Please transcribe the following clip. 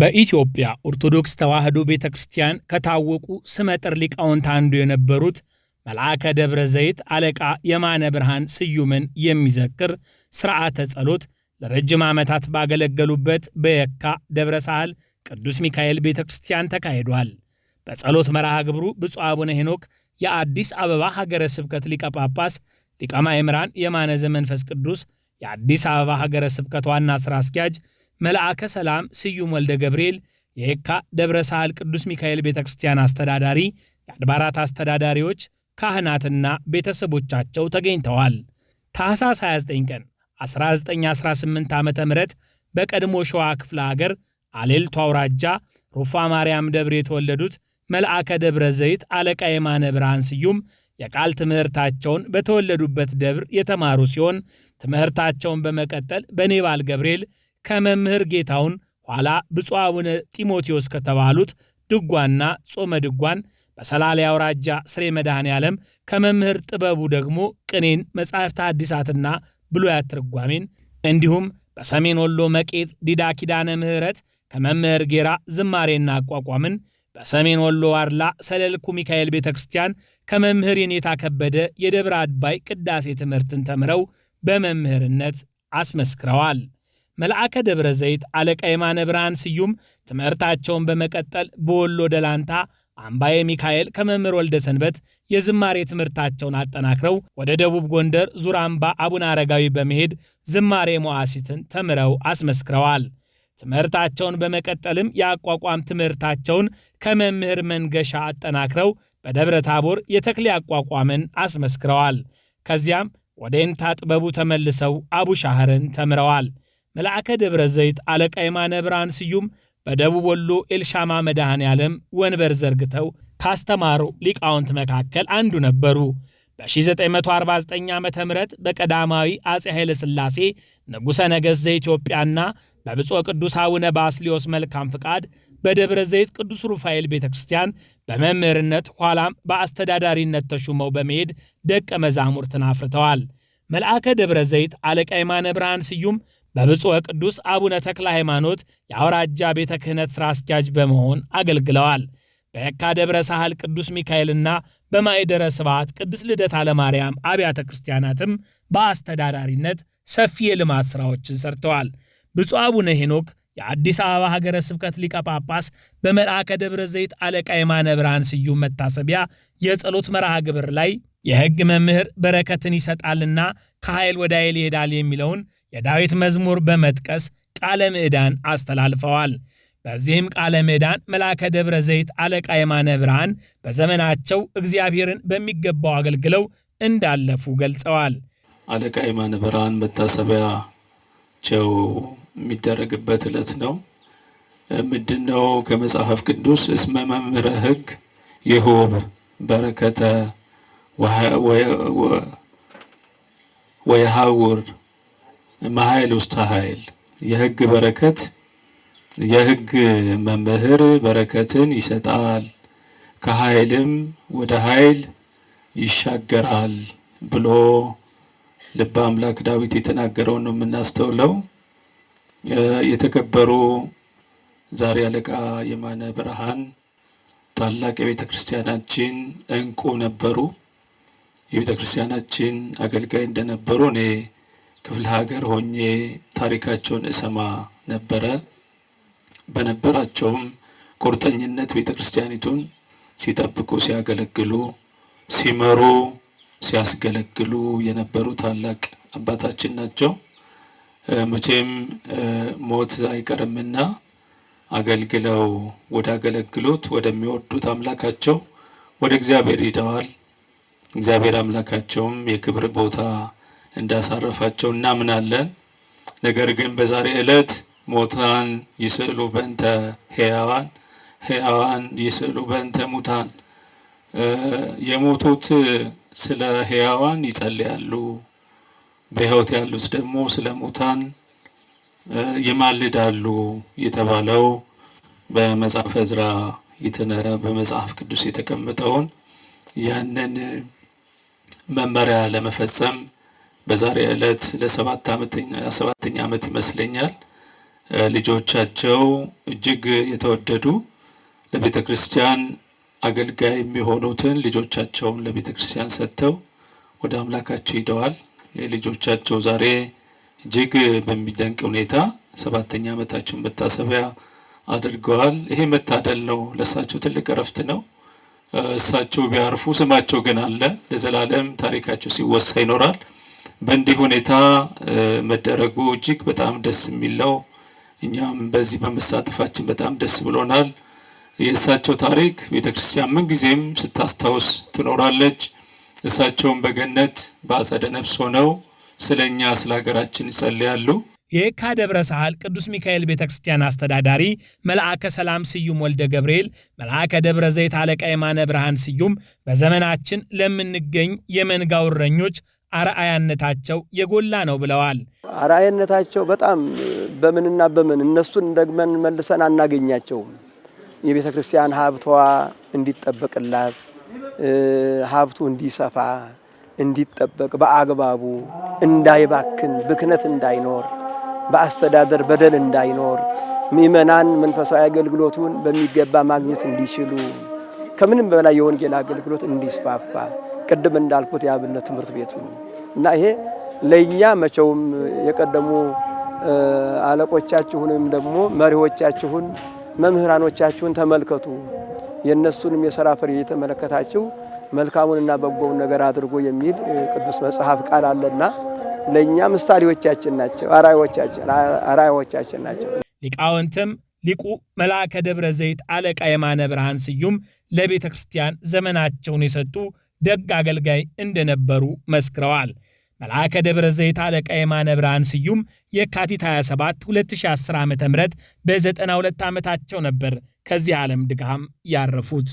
በኢትዮጵያ ኦርቶዶክስ ተዋሕዶ ቤተ ክርስቲያን ከታወቁ ስመጥር ሊቃውንት አንዱ የነበሩት መልአከ ደብረ ዘይት አለቃ የማነ ብርሃን ስዩምን የሚዘክር ሥርዓተ ጸሎት ለረጅም ዓመታት ባገለገሉበት በየካ ደብረ ሳህል ቅዱስ ሚካኤል ቤተ ክርስቲያን ተካሂዷል። በጸሎት መርሃ ግብሩ ብፁዕ አቡነ ሄኖክ የአዲስ አበባ ሀገረ ስብከት ሊቀ ጳጳስ፣ ሊቀ ማእምራን የማነ ዘመንፈስ ቅዱስ የአዲስ አበባ ሀገረ ስብከት ዋና ሥራ አስኪያጅ መልአከ ሰላም ስዩም ወልደ ገብርኤል የየካ ደብረ ሳህል ቅዱስ ሚካኤል ቤተ ክርስቲያን አስተዳዳሪ፣ የአድባራት አስተዳዳሪዎች፣ ካህናትና ቤተሰቦቻቸው ተገኝተዋል። ታኅሳስ 29 ቀን 1918 ዓ ም በቀድሞ ሸዋ ክፍለ አገር አሌልቱ አውራጃ ሩፋ ማርያም ደብር የተወለዱት መልአከ ደብረ ዘይት አለቃ የማነ ብርሃን ስዩም የቃል ትምህርታቸውን በተወለዱበት ደብር የተማሩ ሲሆን ትምህርታቸውን በመቀጠል በኔባል ገብርኤል ከመምህር ጌታውን ኋላ ብፁዕ አቡነ ጢሞቴዎስ ከተባሉት ድጓና ጾመ ድጓን በሰላሌ አውራጃ ስሬ መድኃኔ ዓለም ከመምህር ጥበቡ ደግሞ ቅኔን፣ መጻሕፍተ አዲሳትና ብሉያት ትርጓሜን እንዲሁም በሰሜን ወሎ መቄት ዲዳ ኪዳነ ምሕረት ከመምህር ጌራ ዝማሬና አቋቋምን በሰሜን ወሎ ዋድላ ሰለልኩ ሚካኤል ቤተ ክርስቲያን ከመምህር የኔታ ከበደ የደብረ አድባይ ቅዳሴ ትምህርትን ተምረው በመምህርነት አስመስክረዋል። መልአከ ደብረ ዘይት አለቃ የማነ ብርሃን ስዩም ትምህርታቸውን በመቀጠል በወሎ ደላንታ አምባዬ ሚካኤል ከመምህር ወልደ ሰንበት የዝማሬ ትምህርታቸውን አጠናክረው ወደ ደቡብ ጎንደር ዙራምባ አምባ አቡነ አረጋዊ በመሄድ ዝማሬ መዋሲትን ተምረው አስመስክረዋል። ትምህርታቸውን በመቀጠልም የአቋቋም ትምህርታቸውን ከመምህር መንገሻ አጠናክረው በደብረ ታቦር የተክሌ አቋቋምን አስመስክረዋል። ከዚያም ወደ ኤንታ ጥበቡ ተመልሰው አቡሻህርን ተምረዋል። መልአከ ደብረ ዘይት አለቃ የማነ ብርሃን ስዩም በደቡብ ወሎ ኤልሻማ መድኃኔ ዓለም ወንበር ዘርግተው ካስተማሩ ሊቃውንት መካከል አንዱ ነበሩ። በ1949 ዓ ም በቀዳማዊ አጼ ኃይለ ሥላሴ ንጉሠ ነገሥት ዘኢትዮጵያና በብፁዕ ቅዱስ አቡነ ባስሊዮስ መልካም ፍቃድ በደብረ ዘይት ቅዱስ ሩፋኤል ቤተ ክርስቲያን በመምህርነት ኋላም በአስተዳዳሪነት ተሹመው በመሄድ ደቀ መዛሙርትን አፍርተዋል። መልአከ ደብረ ዘይት አለቃ የማነ ብርሃን ስዩም በብፁዕ ቅዱስ አቡነ ተክለ ሃይማኖት የአውራጃ ቤተ ክህነት ሥራ አስኪያጅ በመሆን አገልግለዋል። በየካ ደብረ ሳህል ቅዱስ ሚካኤልና በማይደረ ስብዓት ቅዱስ ልደታ ለማርያም አብያተ ክርስቲያናትም በአስተዳዳሪነት ሰፊ የልማት ሥራዎችን ሰርተዋል። ብፁዕ አቡነ ሄኖክ የአዲስ አበባ ሀገረ ስብከት ሊቀ ጳጳስ በመልአከ ደብረ ዘይት አለቃ የማነ ብርሃን ስዩም መታሰቢያ የጸሎት መርሃ ግብር ላይ የሕግ መምህር በረከትን ይሰጣልና ከኃይል ወደ ኃይል ይሄዳል የሚለውን የዳዊት መዝሙር በመጥቀስ ቃለ ምዕዳን አስተላልፈዋል። በዚህም ቃለ ምዕዳን መልአከ ደብረ ዘይት አለቃ የማነ ብርሃን በዘመናቸው እግዚአብሔርን በሚገባው አገልግለው እንዳለፉ ገልጸዋል። አለቃ የማነ ብርሃን መታሰቢያቸው የሚደረግበት ዕለት ነው። ምንድነው? ከመጽሐፍ ቅዱስ እስመ መምህረ ሕግ ይሁብ በረከተ ወየሃውር መሀይል ውስተ ኃይል የህግ በረከት የህግ መምህር በረከትን ይሰጣል፣ ከኃይልም ወደ ኃይል ይሻገራል ብሎ ልበ አምላክ ዳዊት የተናገረውን ነው የምናስተውለው። የተከበሩ ዛሬ አለቃ የማነ ብርሃን ታላቅ የቤተ ክርስቲያናችን እንቁ ነበሩ። የቤተ ክርስቲያናችን አገልጋይ እንደነበሩ እኔ ክፍለ ሀገር ሆኜ ታሪካቸውን እሰማ ነበረ። በነበራቸውም ቁርጠኝነት ቤተ ክርስቲያኒቱን ሲጠብቁ፣ ሲያገለግሉ፣ ሲመሩ፣ ሲያስገለግሉ የነበሩ ታላቅ አባታችን ናቸው። መቼም ሞት አይቀርምና አገልግለው ወዳገለግሉት ወደሚወዱት አምላካቸው ወደ እግዚአብሔር ሂደዋል። እግዚአብሔር አምላካቸውም የክብር ቦታ እንዳሳረፋቸው እናምናለን። ነገር ግን በዛሬ ዕለት ሞታን ይስዕሉ በእንተ ሕያዋን ሕያዋን ይስዕሉ በእንተ ሙታን፣ የሞቱት ስለ ሕያዋን ይጸልያሉ፣ በሕይወት ያሉት ደግሞ ስለ ሙታን ይማልዳሉ የተባለው በመጽሐፍ ዕዝራ በመጽሐፍ ቅዱስ የተቀመጠውን ያንን መመሪያ ለመፈጸም በዛሬ ዕለት ለሰባት ሰባተኛ ዓመት ይመስለኛል ልጆቻቸው እጅግ የተወደዱ ለቤተ ክርስቲያን አገልጋይ የሚሆኑትን ልጆቻቸውን ለቤተ ክርስቲያን ሰጥተው ወደ አምላካቸው ሂደዋል። የልጆቻቸው ዛሬ እጅግ በሚደንቅ ሁኔታ ሰባተኛ ዓመታቸውን መታሰቢያ አድርገዋል። ይሄ መታደል ነው። ለእሳቸው ትልቅ እረፍት ነው። እሳቸው ቢያርፉ ስማቸው ግን አለ፣ ለዘላለም ታሪካቸው ሲወሳ ይኖራል። በእንዲህ ሁኔታ መደረጉ እጅግ በጣም ደስ የሚል ነው። እኛም በዚህ በመሳተፋችን በጣም ደስ ብሎናል። የእሳቸው ታሪክ ቤተ ክርስቲያን ምንጊዜም ስታስታውስ ትኖራለች። እሳቸውን በገነት በአጸደ ነፍስ ሆነው ስለ እኛ ስለ ሀገራችን ይጸልያሉ። የካ ደብረ ሳህል ቅዱስ ሚካኤል ቤተ ክርስቲያን አስተዳዳሪ መልአከ ሰላም ስዩም ወልደ ገብርኤል፣ መልአከ ደብረ ዘይት አለቃ የማነ ብርሃን ስዩም በዘመናችን ለምንገኝ የመንጋ እረኞች አርአያነታቸው የጎላ ነው ብለዋል። አርአያነታቸው በጣም በምንና በምን እነሱን ደግመን መልሰን አናገኛቸውም። የቤተ ክርስቲያን ሀብቷ እንዲጠበቅላት ሀብቱ እንዲሰፋ እንዲጠበቅ በአግባቡ እንዳይባክን ብክነት እንዳይኖር በአስተዳደር በደል እንዳይኖር ምእመናን መንፈሳዊ አገልግሎቱን በሚገባ ማግኘት እንዲችሉ ከምንም በላይ የወንጌል አገልግሎት እንዲስፋፋ ቅድም እንዳልኩት የአብነት ትምህርት ቤቱ እና ይሄ ለእኛ መቼውም የቀደሙ ወይም ደግሞ መሪዎቻችሁን መምህራኖቻችሁን ተመልከቱ። የእነሱንም የሥራ ፍሬ የተመለከታችሁ መልካሙንና በጎውን ነገር አድርጎ የሚል ቅዱስ መጽሐፍ ቃል አለና ለእኛ ምሳሌዎቻችን ናቸው፣ አራያዎቻችን ናቸው። ሊቃውንትም ሊቁ መልአከ ደብረ ዘይት አለቃ የማነ ብርሃን ስዩም ለቤተ ክርስቲያን ዘመናቸውን የሰጡ ደግ አገልጋይ እንደነበሩ መስክረዋል። መልአከ ደብረ ዘይት አለቃ የማነ ብርሃን ስዩም የካቲት 27 2010 ዓ ም በ92 ዓመታቸው ነበር ከዚህ ዓለም ድካም ያረፉት።